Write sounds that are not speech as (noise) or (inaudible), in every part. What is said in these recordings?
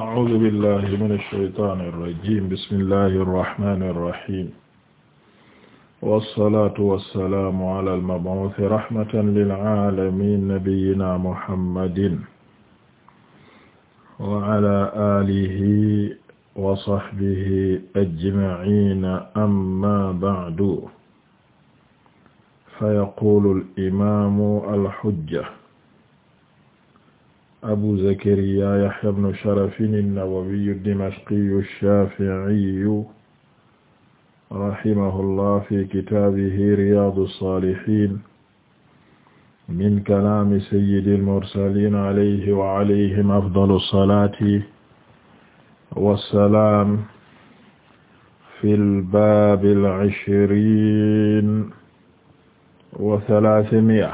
أعوذ بالله من الشيطان الرجيم بسم الله الرحمن الرحيم والصلاة والسلام على المبعوث رحمة للعالمين نبينا محمد وعلى آله وصحبه أجمعين أما بعد فيقول الإمام الحجة abu zakariya yahya ibnu sharafin an-nawawiyu ad-dimashqiyu ash-shafi'iyu rahimahullah fi kitaabihi riyaadu as-saalihiin min kalaami sayyidil mursaliin alayhi wa alayhim afdalu as-salaati wassalaam fil baabil ishriin wa salaasimi'a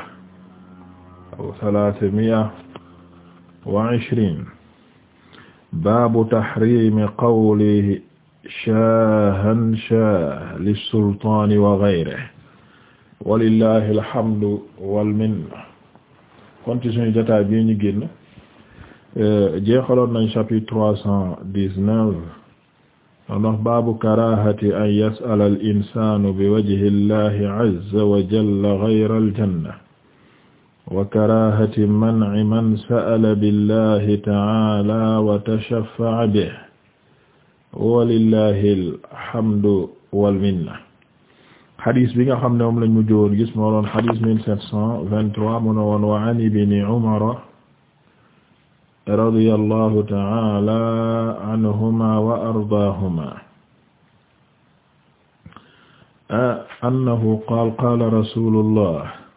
aw salaasimi'a wa ishriin baabu taxriimi qawli shaahan shaah lissultaani wa gayrihi walillahi alhamdu walminna kon ci suñu jotaay bi ñu génn euh, jeexaloon nañ chapitre trois cent dix-neuf ndax baabu karaahati an yas'ala al-insaanu bi wajhi llahi azza wa jalla gayra al-janna wa karaahati man'i man sa'ala billahi ta'ala wa tashaffa'a bihi walillahi alhamdu wal minna xadis bi nga xam ne moom lañ mujj woon gis moo doon xadis mille sept cent vingt-trois mu ne woon wa an ibni umara radiyallahu ta'ala anhuma wa ardaahuma annahu qaala qaala rasulullah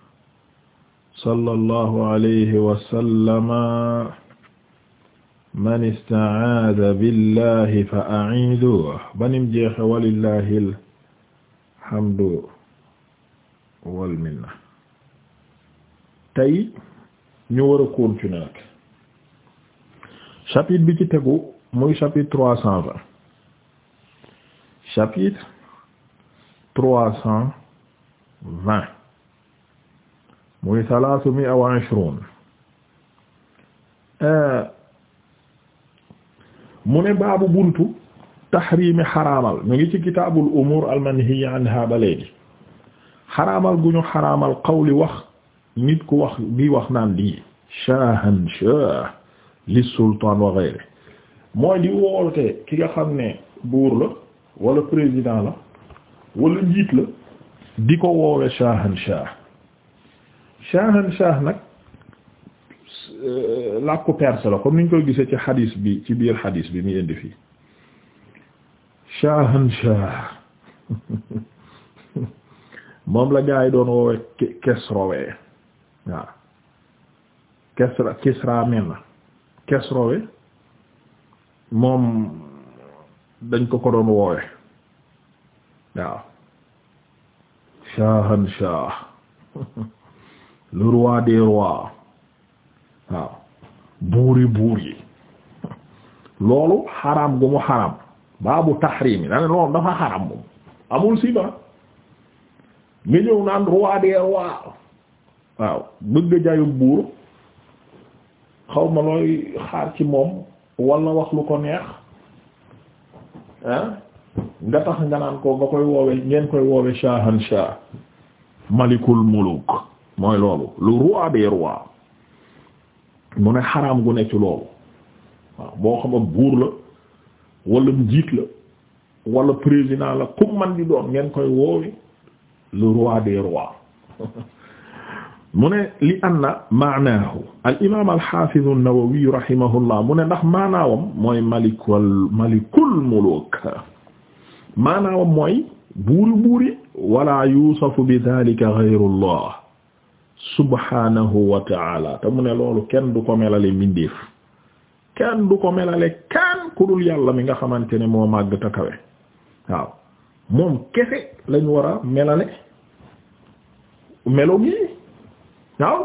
sallallahu alayhi wa sallama man istacaada billahi fa aciiduhu banim jeexe walillahi alhamdu wal minna tey ñu war a continuer nag chapitre bi ci tegu muy chapitre trois cent vingt chapitre trois cent vingt muy salaasu mi'a euh, mu ne baabu buntu taxriimi xaraamal ñu ngi ci kitaabul umuur almanhiya anha ba léegi xaraamal gu ñu xaraamal qawli wax nit ku wax bi wax naan di shaahan shaah li sultaan wa ghayri mooy di woote ki nga xam ne buur la wala président la wala njiit la di ko woowe shaahan shaah shaahan shaah nag euh, làkku perse la comme niñ koy gisee ci xadiis bi ci biir xadiis bi muy indi fii shaahan shaah moom la gaa yi doon woowee kesrowee waaw kesra kisra menn kesrowee moom dañ ko ko doon woowe waaw shaahan shaah (laughs) le roi des rois waaw buuri buur yi loolu xaram gu mu xaram baabu taxrim yi dane loolu dafa xaram moom amul siba nga ñëw naan roi des rois waaw bëgg jayum buur xaw ma looy xaar ci moom wala wax lu ko neex ah nga tax nga naan ko nga koy woowe ngeen koy woowe shahan shah malikul muluk mooy loolu lu roi des rois mu ne xaraam gu ne loolu waaw xam ak buur la wala njiit la wala président la ku man di doon ngeen koy woowe le roi des rois (laughs) mu ne li anna maanaahu al imaam al mu ne ndax maanaawam mooy malikul malikul muluk maanaawam mooy buuri buuri wala yuusafu bi daalika gayrullah subhanahu wa te mu ne loolu kenn du ko melale mbindeef kenn du ko melale kenn ku dul yàlla mi nga xamante ne moo màgg te kawe waaw moom kese lañ war a melale melo gi waaw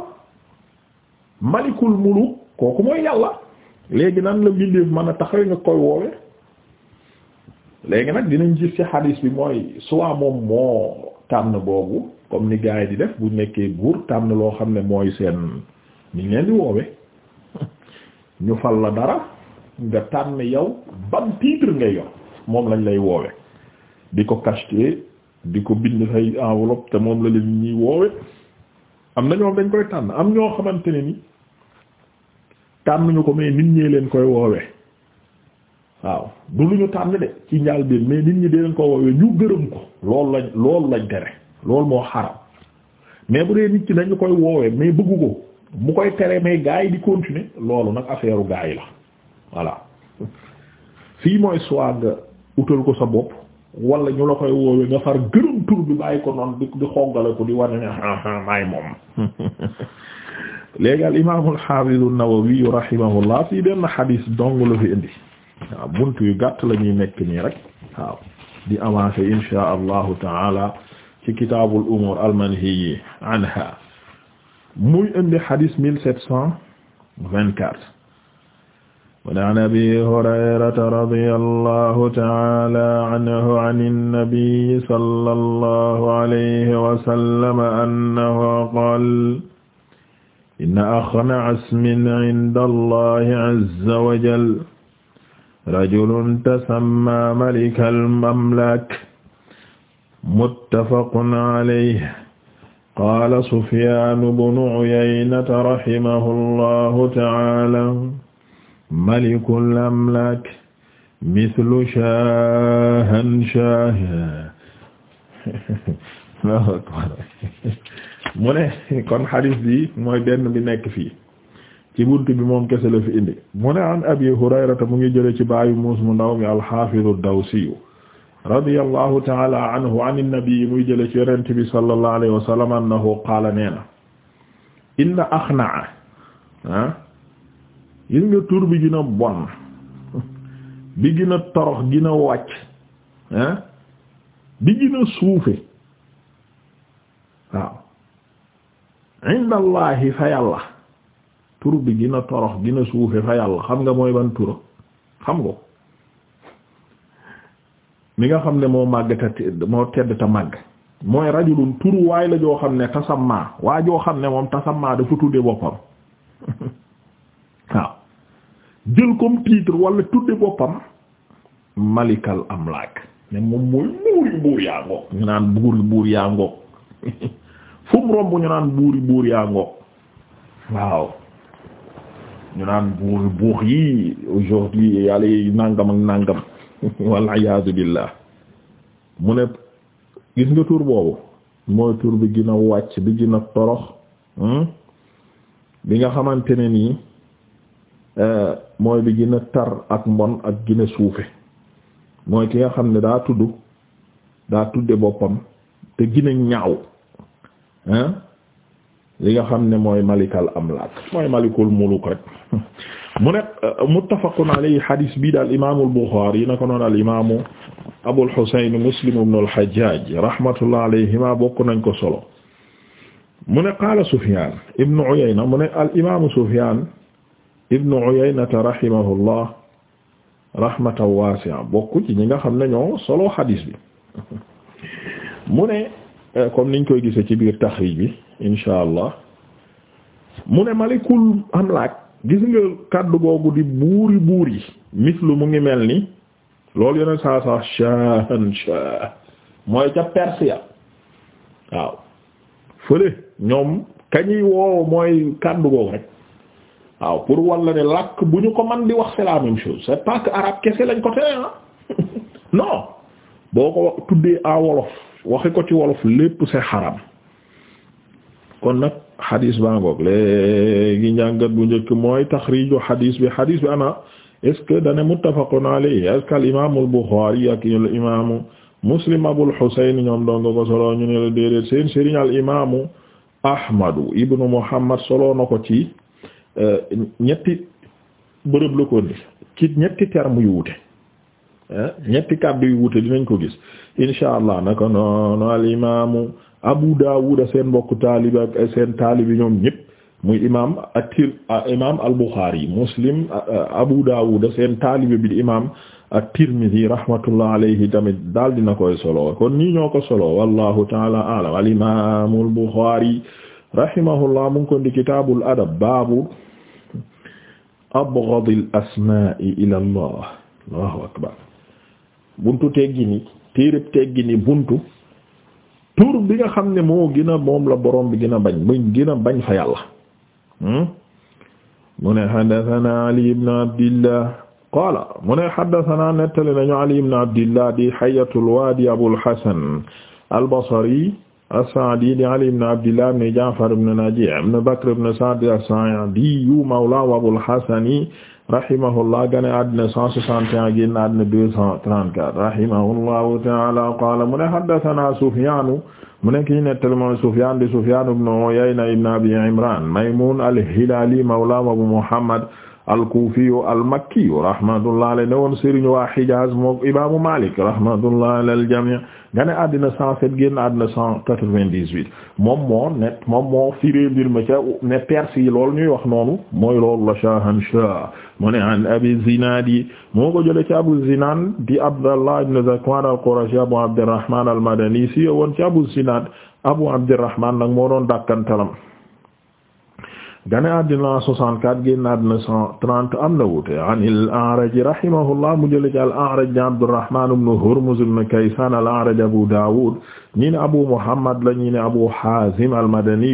malikul muluk kooku mooy yàlla léegi nan la mbindeef mën a taxawe nga koy woowe léegi nag dinañ gis ci xadis bi mooy soit moom moo tànn boobu comme ni gars yi di def bu nekkee buur tànn loo xam ne mooy seen ni leen di woowe (laughs) ñu fal la dara nga tànn yow ban titre ngay yor moom lañ lay woowe di ko cacheté di ko bind say enveloppe te moom la leen ñuy woowe am na ñoom dañ koy tànn am ñoo xamante ne ni tànn ñu ko mais nit ñee leen koy woowe waaw du lu ñu tànn de ci njaal bi mais nit ñi dinañ ko woowee ñu gërëm ko loolu lañ loolu lañ tere loolu moo xaram mais bu dee nit ki dañu koy woowee mais bëggu ko mu koy tere mais gaa yi di continuer loolu nag affaire gaa yi la voilà fii mooy soit nga utal ko sa bopp walla ñu la koy woowee nga far gërëm tur bi bàyyi ko noonu di di xoggale ko di wane ne ah ah maay moom (laughs) léegi al imaam al nawawi rahimahullah fii benn xadiis dong la fi indi. waaw buntu yu gàtt la ñuy nekk nii rek waaw di avancé insha allahu taala ci kitaabul umuur almanhiyi anha muy indi hadis mille sept cent vingt quatre wane an abi hurayrata radiyallahu taala anhu an annabi sallallahu alayhi wa sallam annahu qaala inna axna'a ismin inda allahi azza wa jalla rajulun tasamma malikal mamlak muttafaqun alayhi qaala sufyaanu bnu uyaynata rahimahu allahu taala malikul amlak mislu shaahan shaah mu ne kon xadis bi mooy benn bi nekk fii ci buntu bi moom kese la fi indi mu ne an abi hurayrata mu ngi jële ci baayu muus mu ndaw mi alxafidu dawsiyu radiyallahu taala anhu an innabii muy jële ci yonent bi sallallahu alayhi wa sallam annahu qaala nee na inna axnaa ah gis nga tur bi gën a bon (laughs) bi gën a torox gën a wàcc ah bi gën a suufe waaw inda allahi fa yàlla tur bi gina a torox gën a fa yàlla xam nga mooy ban tura xam nga mi nga xam ne moo màggata te moo tedd te màgg mooy rajulun turu waay la joo xam ne tasammaa waa joo xam ne moom tasammaa dafa tudde boppam (laughs) waaw jël comme titre wala tudde boppam malikal amlaak ne moom mooy buuri buur yaa ngoog ñu naan buuri buur yaa ngoog (laughs) fu romb ñu naan buuri buur yaa ngoog waaw ñu naan buur buux yi aujourd'hui yàlla yi nàngam ak nàngam (laughs) wal iyaazu billah mu ne gis nga tur boobu mooy tur bi gën a wàcc bi gën a torox hmm? bi nga xamante ne nii euh, mooy bi gën a tar ak mbon ak gën a suufe mooy ki nga xam ne daa tudd daa tudde boppam te gën a ñaaw li nga xam ne mooy malikal amlak mooy malikul muluk rek (laughs) mu ne uh, muttafaqun alayhi hadis bii daal imaamul Buxaari na ko noon al imaamu Abul Husayn Muslim ibn al Hajjaj rahmatullah alayhima bokk nañ ko solo mu ne qaala Sufyaan ibn Uyayna mu ne al imaamu ibn Uyayna rahimahullah rahmatan waasi'a bokk ci ñi nga xam ne ñoo solo hadis bi (laughs) mu ne. Euh, comme niñ koy gisee ci biir taxrij bi insha allah mu ne malikul amlaak gis nga kàddu googu di buuri buuri mislu mu ngi mel ni loolu yeneen saa saa shahan shah mooy ca persia waaw fële ñoom kañuy woow mooy kàddu googu rek waaw pour walla ne làkk bu ñu ko man di wax c'est la même chose c'est pas que arabe kese lañ ko tere ah (laughs) non boo ko tuddee en wolof waxi ko ci wolof lépp c'est xaram kon nag xadis baa ngoog léegi njàngat bu njëkk mooy taxriiju xadis bi xadis bi ana est-ce dane muttafaqun alayhi est-ce al imaamu al Buxaari ak al imaamu Muslim Abul Husayn ñoom doon ko solo ñu ne la déedéet seen sëriñ al imaamu Ahmadu ibnu Muhammad solo na ko ci euh, ñetti bërëb la ko ci ñetti termes yu wute. Eh? ñetti kàddu yu wuute ko gis insha allah naka noonu al imaamu Abu Daawuda seen mbokk taalibi seen taalibi ñoom ñëpp muy imaam at ah, Muslim ah, Abu Daawuda seen taalibi bi di imaam rahmatullah alayhi tamit daal dina koy solo kon nii ñoo ko solo wallahu taala a'lam al imaamu al-Bukhari rahimahullah di kitaabul adab baabu abghadil asmaa'i ila Allah akbar buntu teggini téereb teggini buntu tur bi nga xam ne moo gën a la borom bi gën bañ muy gën bañ fa yàlla hmm? mu ne xaddatana ali ibn abdillah qaala mu ne xaddatana nettali nañu ali ibn abdillah di xayatul waadi abul hasan albasri as di ali ibn abdillah ibn jaafar ibn naji' ibn bakr ibn sa'd as-sa'idi mawla abul hasani rahimahullah gane addina 161 génn addina 234 rahimahullahu ta'ala qala mu ne haddathana Sufyan mu ne kii nettali moom Sufyan di Sufyan ibn Uyayna ibn Abi Imran Maymun al-Hilali mawla Abu Muhammad al-Kufiyu al-Makkiyu rahmatullah alayhi ne woon sëriñ waa Hijaz moom imaamu Malik rahmatullah alal jamii gane àddina 107 génn àddina 198 moom moo net moom moo firee mbir ma ca ne Perse yi loolu ñuy wax noonu mooy loolu la Shahanshah mu ne an Abi Zinad yi moo ko jëlee ci Abu Zinad di Abdallah ibn Zakwan al-Qurashi Abu Abdirrahman al-Madani si woon ci Abu Zinad Abu Abdirrahman nag moo doon dàkkantalam gane àddina 64 génn àddina 130 am na wuute an al-A'raj rahimahullah mu jële ci al-A'raj Abdurrahman ibn Hurmuz ibn Kaysan al-A'raj Abu Dawud ñi ne Abu Muhammad la ñi ne Abu Hazim al-Madani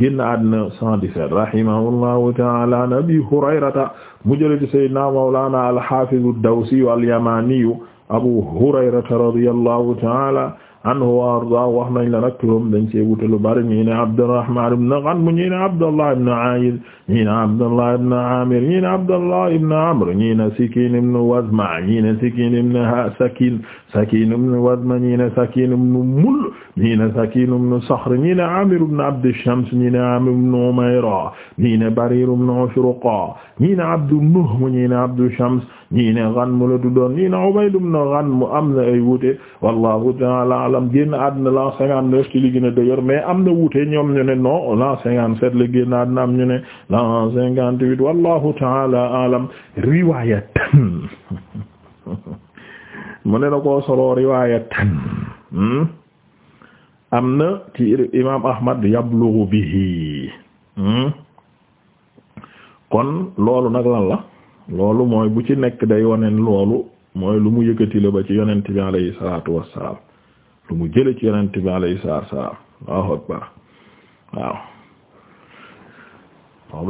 génn àddina 117 rahimahullahu ta'ala an Abi Hurayrata mu jële ci sayyidina mawlana al-Hafiz ad-Dawsi al-Yamani Abu Hurayrata radiyallahu ta'ala anhu wa arda wax nañ la nag turam dañ ci wute lu bari ñi ne Abdurrahman ibn Ghanm ñi ne Abdullah ibn Aid ñi ne Abdullah ibn Amir ñi ne Abdullah ibn Amr ñi ne Sakin ibn Wazma ñi ne Sakin ibn Sakin Sakin ibn Wazma ñi ne Sakin ibn Mul ñi ne Sakin ibn Sakhr ñi ne Amir ibn Abd Shams ñi ne Amir ibn Umayra ñi ne Barir ibn Ushruqa ñi ne Abd Nuhm ñi ne Abd Shams ñii ne Ganm la am na ay wuute wallahu ta'ala alam génn àddina l'an cinquante-neuf ci li gën mais am na wuute ñoom ñu ne non l'an cinquante-sept la génn àddina am ñu ne l'an cinquante-huit wallahu ta'ala alam riwaayatan (laughs) mu ne la koo solo riwaayatan hmm? am na ci imaam Ahmad yablughu bihi hmm? kon loolu nag lan la loolu mooy bu ci nekk day waneen loolu mooy lu mu yëkkati la ba ci yonent bi alayhi salaatu wassalaam lu mu jële ci yonent bi alayhi salaatu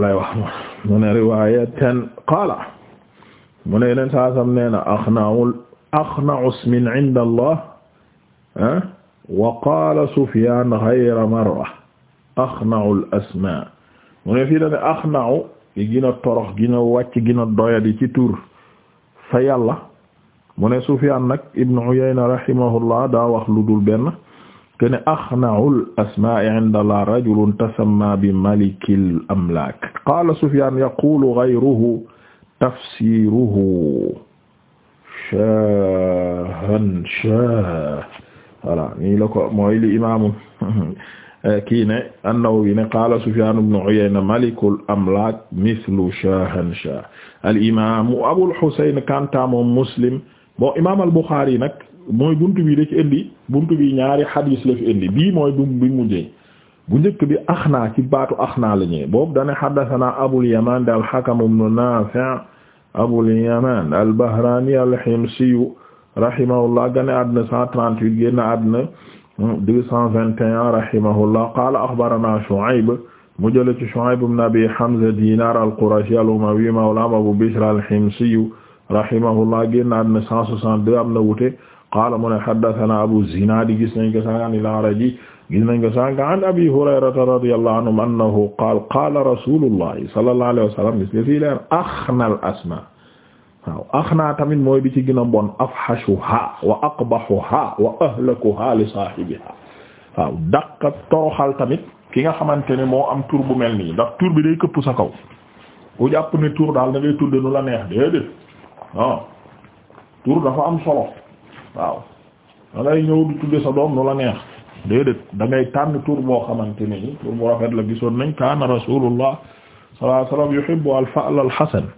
lay wax moom mu ne riwaayatan qaala mu ne yeneen saa sam nee na axna'u axna'u ismin 'inda Allah wa qaala Sufyaan ghayra marra axna'u al-asmaa' mu ne fii dane axna'u yi gën a torox gën a wàcc gën a doyadi ci tur fa yàlla mu ne Sufyaan nag ibnu Uyayna rahimahullah daa wax lu dul benn te ne axna'ul asmaa'i 'inda Allah rajulun tasamma bi malikil amlaak qaala Sufyaan yaqulu ghayruhu tafsiruhu shaahan shaah voilà nii la ko mooy li imaamu kii ne an-Nawawi ne qaala Sufyaan ibn Uyayna malikul amlaak mithlu Shaahanshaah al-imaamu Abul Husayn kanta moom Muslim bon imaam al-Buxaari nag mooy buntu bi da ci indi buntu bi ñaari xadiis la fi indi bii mooy bu bi mujjee bu njëkk bi axnaa ci baatu axnaa la ñëwee boobu dane haddasanaa Abul Yamaan de al-Hakam ibn Naafi' Abul Yamaan al-Bahraani al-Himsi rahimahullah gane àddina 138 génn àddina deux cent vingt et un rahimahullah qaala axbarana Shuayb mu jële ci Shuayb ibn Abi Hamza Dinar al-Qurashi al-Umawi mawlaam Abu Bishr al-Himsi rahimahullah génn na àddina cent soixante-deux am na wuute qaala mu ne haddathana Abu Zinad gis nañ ko sànq anil A'raji gis nañ ko sànq an Abi Hurayrata radiyallahu anhu annahu qaala qaala rasuulullahi sallallahu alayhi wa sallam gis nga fii leer axna al-asmaa waaw axnaa tamit mooy bi ci gën a bon afxashuha wa aqbahuha wa ahlakuha li saahibiha waaw daq toroxal tamit ki nga xamante ne moo am tur bu mel nii ndax tur bi day këpp sa kaw bu jàpp ne tur daal da ngay tudde nu la neex déedéet tur dafa am solo waaw da ñëw di sa doom nu la neex déedéet dangay ngay tànn tur boo xamante ne tur bu rafet la gisoon nañ kaana rasulullah sallallahu alayhi wasallam yuhibbu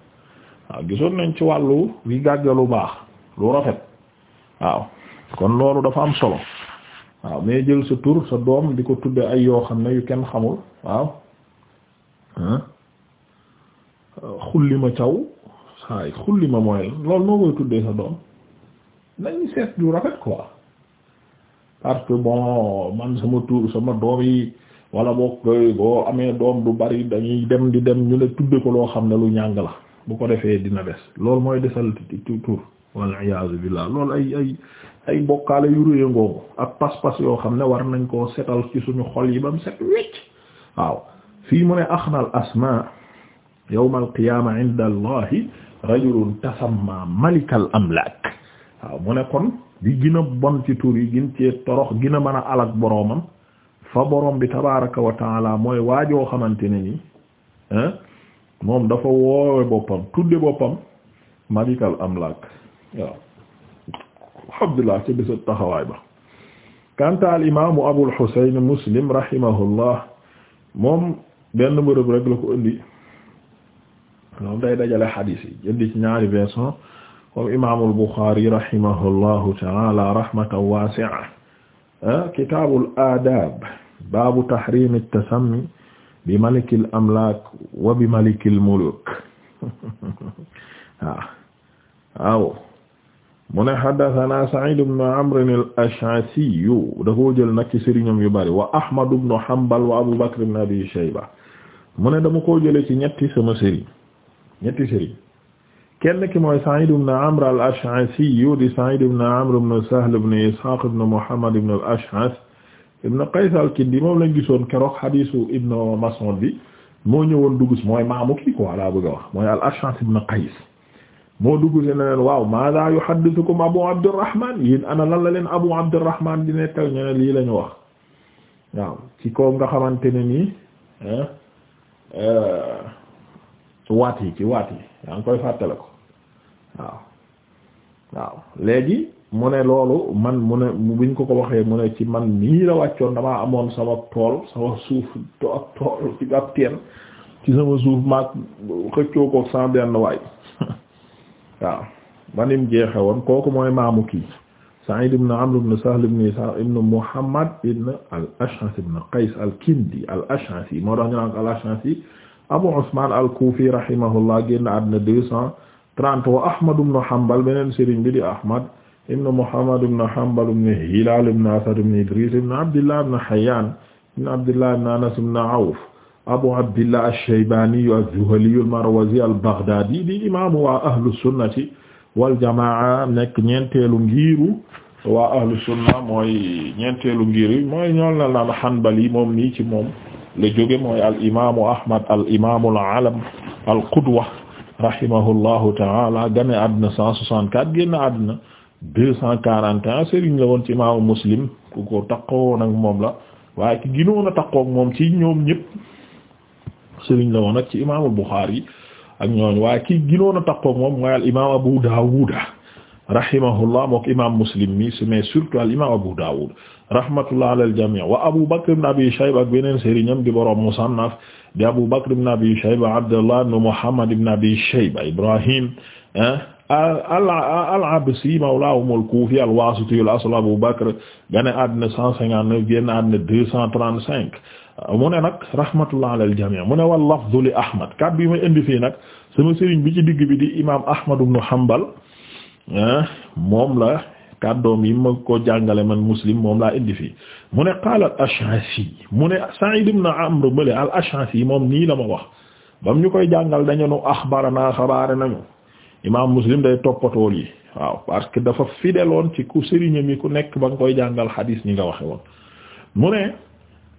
waaw gisoon nañ ci wàllu wi gàgga lu baax lu rafet waaw kon loolu dafa am solo waaw mais jël sa tur sa doom di ko tudde ay yoo xam ne yu kenn xamul waaw ma caw saay ma mooy lool noo koy tuddee sa doom nañ seet du rafet quoi parce que bon man sama tur sama doom yi wala boo boo amee doom du bari dañuy dem di dem ñu ne tudde ko loo xam ne lu ñàng la bu ko defee dina des loolu mooy desal tur wal iyaazu billaah loolu ay ay ay bokkaale yu réyangoo ak pas-pas yoo xam ne war nañ koo setal ci suñu xol yi ba mu set wecc waaw fii mu ne axna al asmaa yawma al qiyaama inda allahi rajulun tasamma malikal amlaak waaw mu ne kon bi gën bon ci tur yi gën cee torox gën a a alak boroomam fa boroom bi tabaaraka wa taala mooy waajoo xamante ne ni moom dafa woowe boppam tudde boppam malikal amlak waaw alhamdulillah ca bésa taxawaay ba kanta al imamu abul husayn muslim rahimahullah moom benn bërëb rek la ko indi moom day dajale xadiis yi indi ci ñaari version comme imaamul buxaari rahimahullahu taala rahmatan waasi'a ah, kitaabul aadaab baabu tahriimi tasammi bi malikil amlaak waaw mu ne haddathana Sa'id ibn Amr al-Ash'athi da koo jël nag ci sëriñam yu bari wa Ahmad ibn Hanbal wa Abu Bakr ibn Abi Shayba mu ne dama koo jële ci ñetti sama sëriñ ñetti sëriñ kenn ki mooy Sa'id ibn Amr al-Ash'athi di Sa'id ibn Amr ibn Sahl ibn Ishaq ibn Muhammad ibn al-Ash'ath ibn Qays al-Kindi moom lañ gisoon keroog hadisu ibn Mas'ud bi moo ñëwoon dugg si mooy maamu kii quoi laa bëgg a wax mooy al-Ash'ath ibn Qays moo dugg si ne leen waaw maada yuhaddithukum Abu Abdurrahman yéen ana lan la leen Abu Abdurrahman di nettal ñu ne lii la ñu wax waaw ci koom nga xamante ne nii euh, waat yi ci waat yi yaa ngi koy fàttale ko waaw waaw léegi mu ne loolu man mu ne buñ ko ko waxee mu ne ci man nii la wàccoon damaa amoon sama tool sama suuf to tool ci sama suuf maag xëccoo ko sans benn waay (laughs) waaw manim jeexe woon kooku mooy maamu kii Sa'id ibn Amr ibn Sahl ibn Ishaq ibn Muhammad ibn al-Ash'ath ibn Qays al-Kindi al-Ash'athi moo tax ñu naan al Abu Usman al-Kufi rahimahullah génn àddina deux cent trente wa Ahmad ibn Hanbal beneen sëriñ bi di Ahmad ibn Muhammad ibn Hanbal ibn Hilal ibn Asad ibn Idris ibn Abdillah ibn Hayyan ibn Abdillah ibn Anas ibn Awf Abu Abdillah ash-Shaybani az-Zuhali al-Marwazi al-Baghdadi di imaamu waa ahlu sunnati wal jamaa nekk ñeenteelu ngiiru waa ahlu sunna mooy ñeenteelu ngiiru mooy ñool na naan Hanbali moom nii ci moom la jóge mooy al imaamu Ahmad al imaamu al-alam al-qudwa rahimahullahu ta'ala gane àdduna 164 génn àdduna deux cent quarante et un sëriñ la woon ci imaamu muslim ku ko takkoon ak moom la waaye ki ginoon takkook moom ci ñoom ñëpp sëriñ la woon ak ci imaamu Buxaari ak ñooñu waaye ki ginoon a takkook moom mooy al imaam Abu Daawuda rahimahullah mook imaam muslim mi mais surtout al imaam Abu Daawud rahmatullah ala al jamii wa Abu Bakr ibn Abi Shayba ak beneen sëriñam di borom musannaf di Abu Bakr ibn Abi Shayba Abdullah ibn Muhammad ibn Abi Shayba Ibrahim al-Absi mawlaahum al-Kuufi al-Waasiti al-asl Abu Bakr gane àddina cent cinquante neuf génn àddina deux cent trente cinq mu ne nag rahmatullah ala al-jamii mu ne wal lafzu li ma indi nag sama bi ci digg bi di imaam Ahmad ibn Hanbal eh, moom la kàddoom yi ma ko jàngale man Muslim moom laa indi fii mu ne qaala al-Ash'asi mu ne Sa'id ibn Amr bële al-Ash'asi moom nii la ma wax bam ñu koy jàngal dañu nu axbarana xabaare nañu imaam muslim day toppatool parce que dafa fideloon ci ku sëriñam yi ku nekk ba nga koy jàngal xadiis ñi nga waxe woon mu ne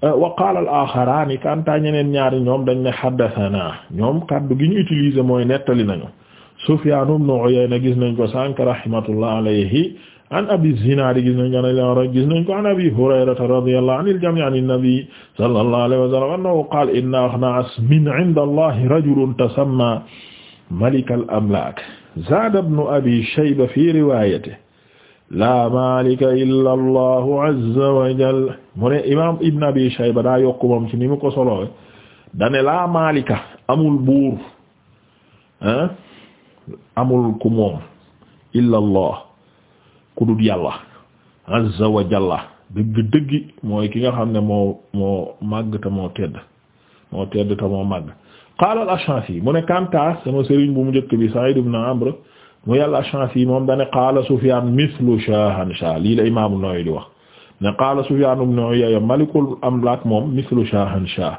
euh, wa qaala al-aaxaraani kanta ñeneen ñaar ñoom dañ ne xaddasanaa ñoom kaddu gi ñu utiliser mooy nettali nañu Sufyaan ibn Uyayna gis nañ ko sànk alayhi an abi zinaad gis nañ ko an gis nañ ko an abi hurayrata radiyallahu anil an nabi sallallahu alayhi wa sallam annahu qaala inna axnaa asmin inda allahi rajulun malik al amlaak zaada ibnu abi shayba fi riwaayatihi laa maalika illa allahu azza wa mu ne ibn abi shayba daa yokk moom ci ni mu ko solowee dane laa maalika amul buur hein amul ku moom illa allah ku dul yàlla azza wa jalla dëgg dëggi mooy ki nga xam ne moo moo màgg moo tedd moo tedd te moo màgg qaala al-Ash'athi mu ne Kantaas sama sëriñ bu mu njëkk bi Sa'id ibn Amr mu yàlla al-Ash'athi moom dane qaala Sufyaan mithlu Shaahanshaa lii la Imaam an-Nawawi di wax ne qaala Sufyaan ibn Uyayya malikul amlaak moom mithlu Shaahanshaa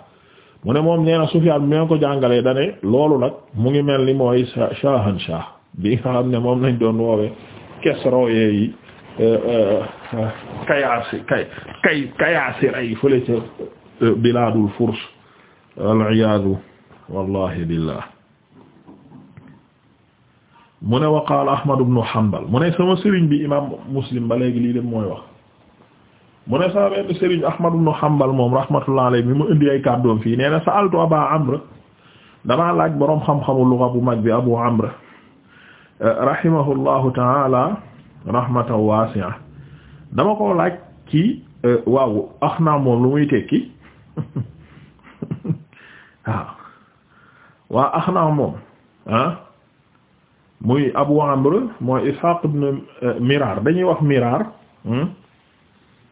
mu ne moom nee na Sufyaan mi ko jàngalee dane loolu nag mu ngi mel ni mooy Shaahanshaa bi nga xam ne moom lañ doon woowee kesroye yi euh, euh, euh, kayaasi kay kay kayaasi ay fële ca bilaadul furs wal iyaadu wallahi billah mu ne wa qaala ahmad ibn mu ne sama sëriñ bi imam muslim ba léegi lii dem mooy wax mu ne sama benn sëriñ ahmad ibn hanbal moom rahmatullah alayhi mi mu indi ay kàddoom fii nee na sa'altu aba amr damaa laaj boroom xam-xamu lugha bu bi abu amr rahimahullahu taala rahmatan dama ko laaj ci waaw ax moom lu muy tekki (laughs) waaw waa Axnaf moom ah muy Abu Amr mooy Ishaq ibn eh, Mirar dañuy wax Mirar hmm,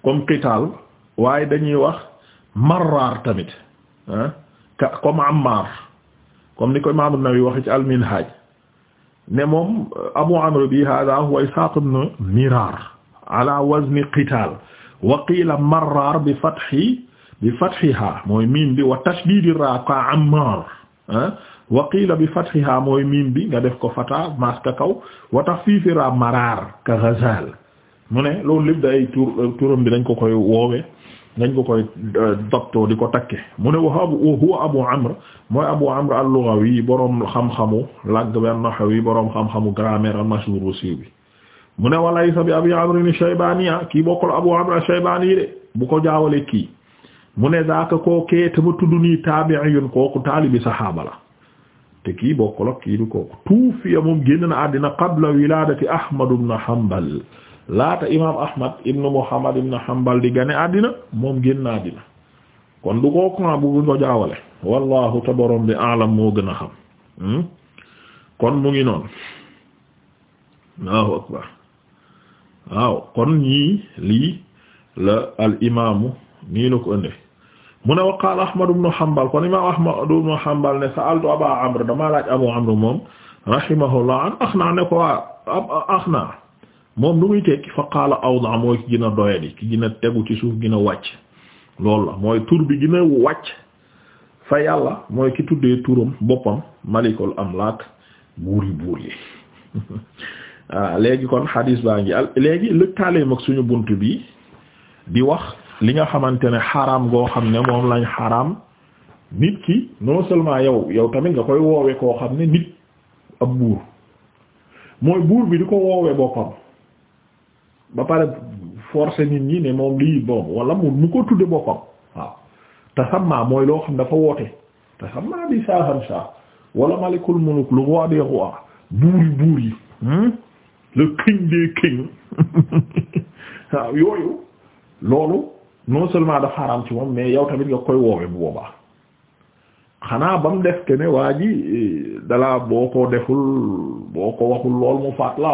comme Qital waaye dañuy wax Marrar tamit ah comme Ammar comme ni ko Imam An-Nawawi waxe ci Al-Minhaj ne moom Abu Amr bi hada huwa Ishaq ibn Mirar ala wazni Qital wa qila Marrar bi fathi bi fathiha mooy miim bi wa tashdid ra ka Ammar ah, wa qiila bi fathiha mooy miim bi nga def ko fata maska kaw wa taxfiifiraa maraar ka ghazal mu ne loolu lépp day tur turam bi dañ ko koy woowe dañ ko koy euh, doptoo di ko takke mu ne wa huwa abu amr mooy abu amr al-lughawi boroom xam-xamu làgg ben nahawi boroom xam-xamu grammaire al-mashhur aussi bi mu ne walaysa bi abi amr shaybani ah, kii bokkul abu amr shaybani de bu ko jaawale kii mu ne zaaka koo kee te ma tudd nii taabi'iyun kooku taalibi te kii bokkul ak kii du ko tuufiya moom génn na àddina qabla wilaadati Ahmad ibn Hanbal laata imaam Ahmad ibn Muhammad ibn Hanbal di gane àddina moom génn na kon du ko kan bu ko jaawale wallahu te bi aalam moo gën a xam hmm? kon mu ngi noonu Allahu akbar waaw kon ñii lii la al imaamu nii la ko ënde mu ne wa qaala Ahmad ibn Hanbal kon imaam Ahmad ibn Hanbal ne sa'altu Aba Amr damaa laaj Abu Amr moom rahimahullah an axnaa ne ko waa axnaa moom lu muy tekki fa qaala awda mooy ki gën a doyadi ki gën a tegu ci suuf gën a wàcc loolu la mooy tur bi gën a fa yàlla mooy ki tuddee turam boppam malikul amlaak buuri buur yi (laughs) ah, léegi kon xadiis baa ngi léegi lëkkaaleem ak suñu bunt bi di wax li nga xamante ne xaraam goo xam ne moom lañ xaraam nit ki non seulement yow yow tamit nga koy woowe koo xam ne nit ab buur mooy buur bi di ko woowe boppam ba pare forcer nit ñi ne moom lii boobu wala mu mu ko tudde boppam waaw tasamma mooy loo xam dafa woote tasamma bi saahan saa wala malikul muluk le roi des rois buuri buur yi hmm? le king des kings (laughs) waaw yooyu loolu non seulement dafa xaraam ci moom mais yow tamit nga koy woowe bu boobaa xanaa ba mu def ke ne waa ji dalaa boo ko deful boo ko waxul lool mu faat la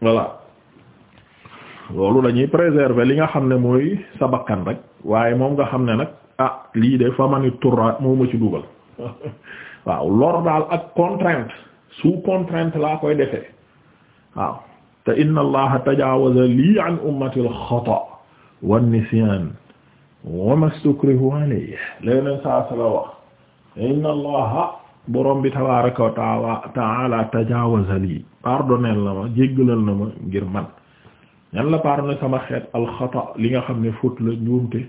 voilà loolu dañuy préserver li nga xam ne mooy sa bakkan rek waaye moom nga xam ne nag ah lii de fa mani turra moo ma ci dugal (laughs) waaw lor daal ak contrainte sous contrainte laa koy defee waaw te inna allaha tajaawaza lii an ummati al wan nisyaan wa mastukrihu alayhi leneen saa sala wax inna allaha borom bi tabaraka wa taala tajaawaza lii pardonnel na ma jéggalal na ma ngir man ñan la pardonné sama xeet alxata li nga xam ne fóot la njuumte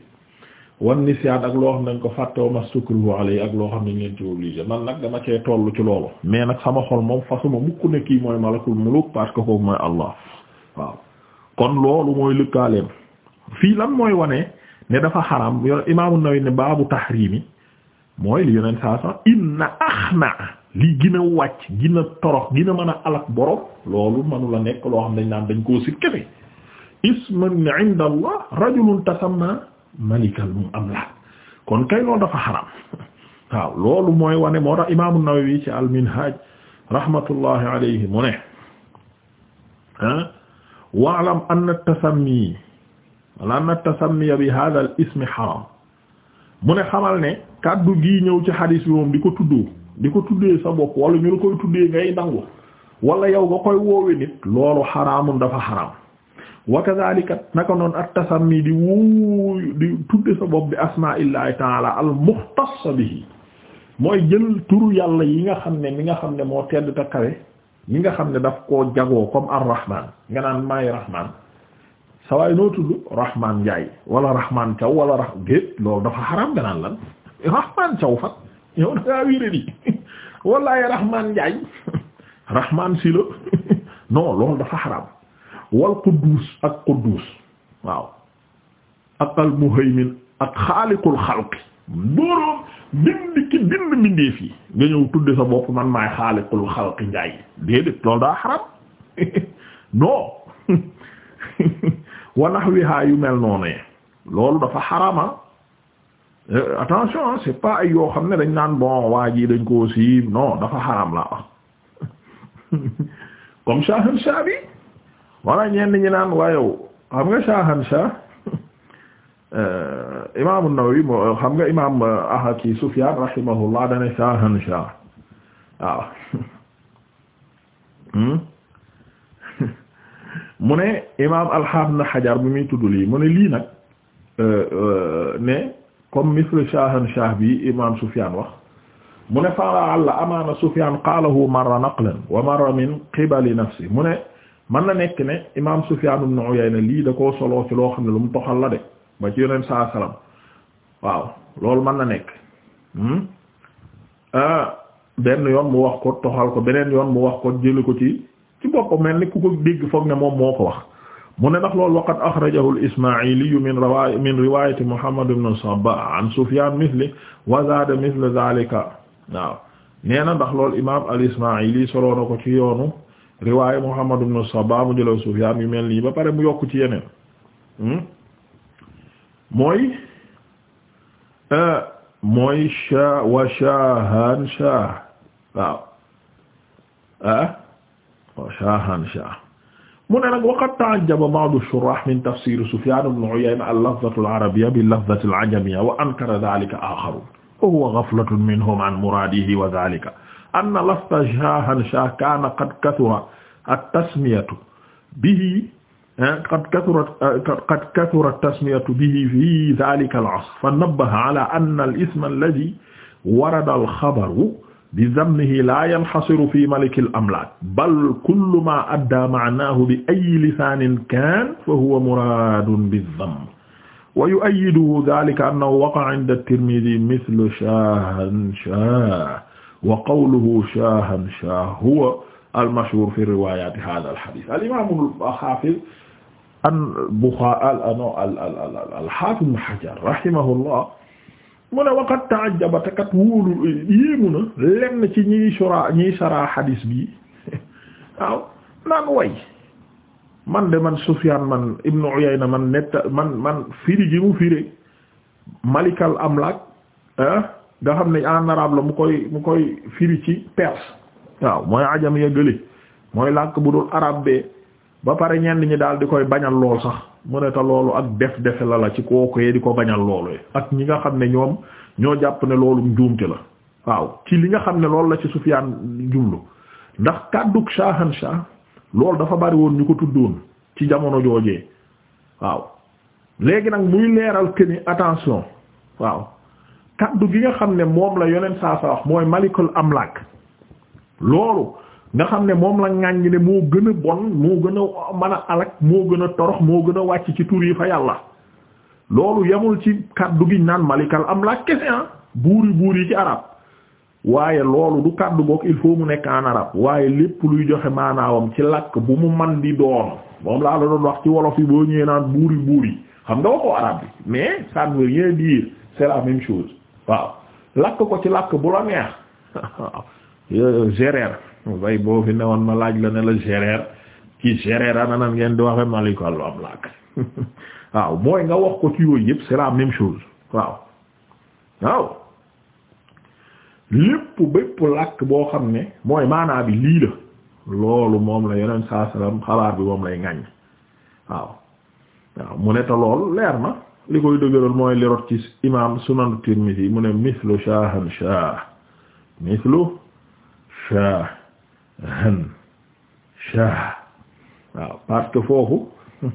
wan nisyaan ak loo xam ne dañ ko fàtte wa mastukrihu alayhi ak loo xam ne ngeen ci obligé man nag dama cee toll ci loolu mais nag sama xol moom fasuma mukk ne kii mooy malakul muluk parce que kooku mooy allah waaw kon loolu mooy fii lan mooy wane ne dafa xaram yo imaamu Nawawi ne baabu taxriimi mooy li yoneen saa sax inna axna li gën a wàcc torox gën mën a alak borom loolu mënu nekk loo xam dañ naan dañ koo si kefe isman inda allah malikal mu am la kon kay loolu dafa xaram (laughs) waaw loolu mooy wone moo tax imaamu Nawawi ci al-Minhaj rahmatullahi alayhi mu ne ah wa'lam anna tasammi lan na tasammiya bi hada al ismi haram mu ne xamal ne kàddu gii ñëw ci xadis bi di ko tuddoo di ko tuddee sa bopp wala ñu la koy tuddee ngay nangu wala yow ba koy woowe nit loolu xaraamun dafa xaraam wa kadhalika naka noon at tasammi di wóoyu di tudde sa bopp bi asmaillahi taala al muxtassa bihi mooy jël turu yàlla yi nga xam ne mi nga xam ne moo tedd ta kawe mi nga xam ne daf ko jagoo comme ar nga naan maay rahman sa waay noo tudd Rahman Ndiaye wala Rahman Thiaw wala rah déet loolu dafa xaram ganaan lan Rahman Thiaw fat yow dangaa wéradi (laughs) wallaay Rahman Ndiaye (laughs) Rahman si la (laughs) non dafa xaram wal Quddus ak Quddus waaw ak al ak xaaliqul xalqi boroom bind ki bind mbindeef yi nga ñëw tudde sa bopp man maay xaaliqul xalqi Ndiaye déedéet loolu daa xaram non wa nahwiha yu mel noonu loolu dafa xarama ah. eh, attention ah, c'est pas ay yoo xam ne dañ naan bon waa jii dañ koo siib non dafa xaram laa wax (laughs) comme shahanshah bi walla ñenn ñi naan waa yow xam nga shahanshah (laughs) eh, imaamu Nawawi moo xam nga imaam eh, ahad ki Sufyaan rahimahullah dane shahanshah waaw (laughs) hmm? mu ne imaam alxaam na xajar bi muy tudd lii mu ne lii nag euh, euh, ne comme misle shahan shah bi imaam Sufyaan wax mu ne fara àlla amaana Sufyaan qaalahu marra naqlan wa marra min qibali nafsi mu ne mën na nekk ne imaam Sufyaan ibn Uyayna lii da koo soloo ci loo xam ne lu mu toxal la de ba ci yoneen saa salaam waaw loolu mën na nekk hmm? euh, benn yoon mu wax ko toxal ko beneen yoon mu wax ko jëli ko ci ci boppam mel ni ku ko dégg foog ne moom moo ko wax mu ne ndax loolu waqad axrajahu al-Ismaa'ili min riwaayati min riwaayati Muhammad ibn Sabbah an Sufyaan misli wa zaada misla zaalika waaw nee na ndax loolu imaam al-Ismaa'ili soloo na ko ci yoonu riwaaya Muhammad ibn Sabbah mu jëloo Sufyaan yu mel nii ba pare mu yokk ci yeneen hmm? mooy eh, mooy sha wa shahan shah waaw ah wa shahan shah mu ne nag waqad ta'ajjaba ba'du shurrah min tafsir Sufyan ibn Uyayna al-lafzatu al-arabiyya bil-lafzati al-ajamiyya wa ankara dhalika akharun wa huwa ghaflatun minhum an muradihi wa dhalika anna lafza shahan shah kana qad kathura at-tasmiyatu bihi eh, qad kathurat qad kathurat at-tasmiyatu bihi fi dhalika al-'asr fa nabbaha ala anna al-ithma alladhi warada al-khabaru bi zamnihi la yanhasiru fi malikil amlaak bal kullu ma adda ma'nahu bi ayyi lisaanin kaan fa huwa muraadun bi zamm wa yu'ayyiduhu dhaalika annahu waqa'a 'inda at-Tirmidhi mithlu shaahan shaah wa qawluhu shaahan shaah huwa al-mashhuur fi riwaayaati haadha al-hadiith al-imaam al-haafiz an-Buxaari al-Haafiz Ibn Hajar rahimahullah mu ne waqat ta'ajjaba te kat wóolu yéemu na ci ñiy sura ñiy saraa xadiis bi (laughs) waaw naan way man de man Sufyaan man Ibnu Uyayna man netta man man firi gi mu firi malikal amlaak ah, nga xam ne en arabe la mu koy mu koy firi ci perse waaw mooy ajam ya gële mooy làkk bu dul arabe bee ba pare ñenn ñi daal di koy bañal lool sax mu ne te loolu ak def defe la la ci kooku yee di ko bañal loolu ak ñi nga xam ne ñoom ñoo jàpp ne loolu njuumte la waaw ci li nga xam ne loolu la ci Sufyaan jublu ndax kàddu kàdduk Shahanshah loolu dafa bari woon ñu ko tuddoon ci jamono joojee waaw léegi nag muy leeral que ni attention waaw kàddu gi nga xam ne moom la yeneen saa sa wax mooy malikul amlak loolu nga xam ne moom la ŋàññ ne moo gën a bon moo gën a mën a alak moo gën a torox moo gën a wàcc ci tur yi fa yàlla loolu yemul ci kàddu gi naan malikal am la kese ah, buur yi buur yi ci arab waaye loolu du kàddu book il faut mu nekk en arab waaye lépp luy joxe maanaawam ci làkk bu mu man di doon moom laa la doon wax ci wolof yi boo ñëwee naan buur yi buur yi xam nga waxoo arab bi mais ça ne veut rien dire c'est waaw làkk ko ci làkk bu la (laughs) bay boo fi newoon ma laaj la ne la gérer ci gérer ananam ngeen di waxe malik wàllu am laak (laughs) waaw mooy nga wax ko ci yooyu yëpp c'est la même chose waaw waaw lépp bépp làkk boo xam ne mooy maanaa bi lii la loolu moom la yeneen saa salaam xabaar bi moom lay ŋaññ waaw waaw mu ne te leer na li koy dëgëral mooy li rot ci imaam sunan Tirmidhi mu ne mithlu shahan shah mithlu han sha waaw parce que foofu (laughs)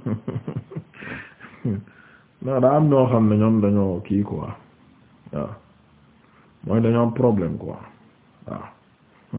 non daa am ñoo ne ñoom dañoo kii quoi waaw mooy dañoo am problème quoi